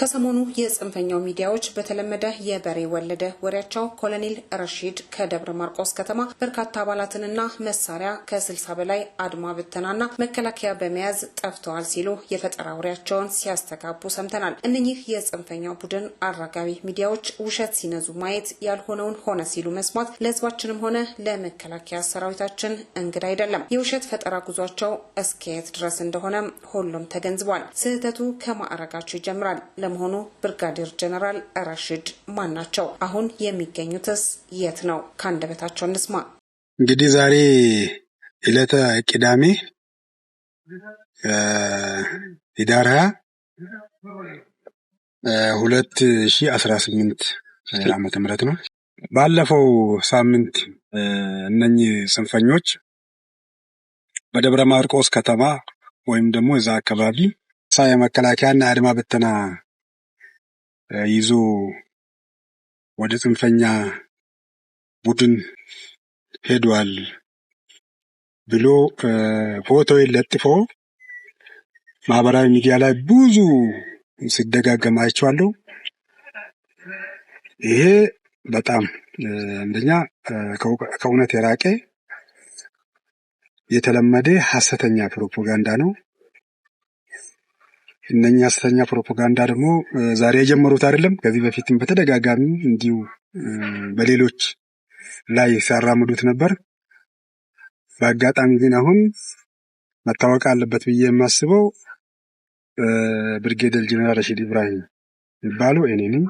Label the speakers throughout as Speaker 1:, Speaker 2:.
Speaker 1: ከሰሞኑ የጽንፈኛው ሚዲያዎች በተለመደ የበሬ ወለደ ወሬያቸው ኮሎኔል ረሺድ ከደብረ ማርቆስ ከተማ በርካታ አባላትንና መሳሪያ ከስልሳ በላይ አድማ ብተናና መከላከያ በመያዝ ጠፍተዋል ሲሉ የፈጠራ ወሬያቸውን ሲያስተጋቡ ሰምተናል። እነኚህ የጽንፈኛው ቡድን አራጋቢ ሚዲያዎች ውሸት ሲነዙ ማየት፣ ያልሆነውን ሆነ ሲሉ መስማት ለህዝባችንም ሆነ ለመከላከያ ሰራዊታችን እንግዳ አይደለም። የውሸት ፈጠራ ጉዟቸው እስከየት ድረስ እንደሆነ ሁሉም ተገንዝቧል። ስህተቱ ከማዕረጋቸው ይጀምራል። ለመሆኑ ብርጋዴር ጀነራል ረሽድ ማን ናቸው? አሁን የሚገኙትስ የት ነው? ከአንደበታቸው እንስማ።
Speaker 2: እንግዲህ ዛሬ ዕለተ ቅዳሜ ህዳር ሀያ ሁለት ሺ አስራ ስምንት ዓመተ ምህረት ነው። ባለፈው ሳምንት እነኚህ ጽንፈኞች በደብረ ማርቆስ ከተማ ወይም ደግሞ እዛ አካባቢ ሳ የመከላከያና የአድማ ብተና ይዞ ወደ ጽንፈኛ ቡድን ሄዷል ብሎ ፎቶ ለጥፎ ማህበራዊ ሚዲያ ላይ ብዙ ሲደጋገም ይሄ በጣም አንደኛ ከእውነት የራቀ የተለመደ ሀሰተኛ ፕሮፓጋንዳ ነው። እነኛ ሐሰተኛ ፕሮፓጋንዳ ደግሞ ዛሬ የጀመሩት አይደለም። ከዚህ በፊትም በተደጋጋሚ እንዲሁ በሌሎች ላይ ሲያራምዱት ነበር። በአጋጣሚ ግን አሁን መታወቅ አለበት ብዬ የማስበው ብርጌደር ጀነራል ረሺድ ኢብራሂም የሚባሉ እኔንም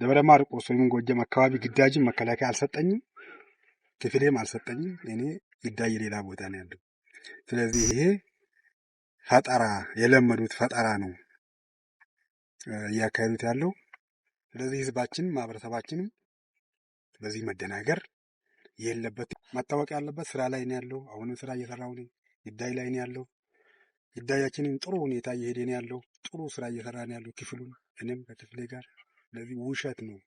Speaker 2: ደብረ ማርቆስ ወይም ጎጀም አካባቢ ግዳጅን መከላከያ አልሰጠኝም፣ ክፍሌም አልሰጠኝም። እኔ ግዳጅ ሌላ ቦታ ነው ያለው። ስለዚህ ይሄ ፈጠራ የለመዱት ፈጠራ ነው እያካሄዱት ያለው። ስለዚህ ህዝባችን ማህበረሰባችንም በዚህ መደናገር የለበት። መታወቅ ያለበት ስራ ላይ ነው ያለው። አሁንም ስራ እየሰራው ነኝ። ጉዳይ ላይ ነው ያለው። ጉዳያችንን ጥሩ ሁኔታ እየሄደ ነው ያለው። ጥሩ ስራ እየሰራ ነው ያለው ክፍሉን እኔም ከክፍሌ ጋር። ስለዚህ ውሸት ነው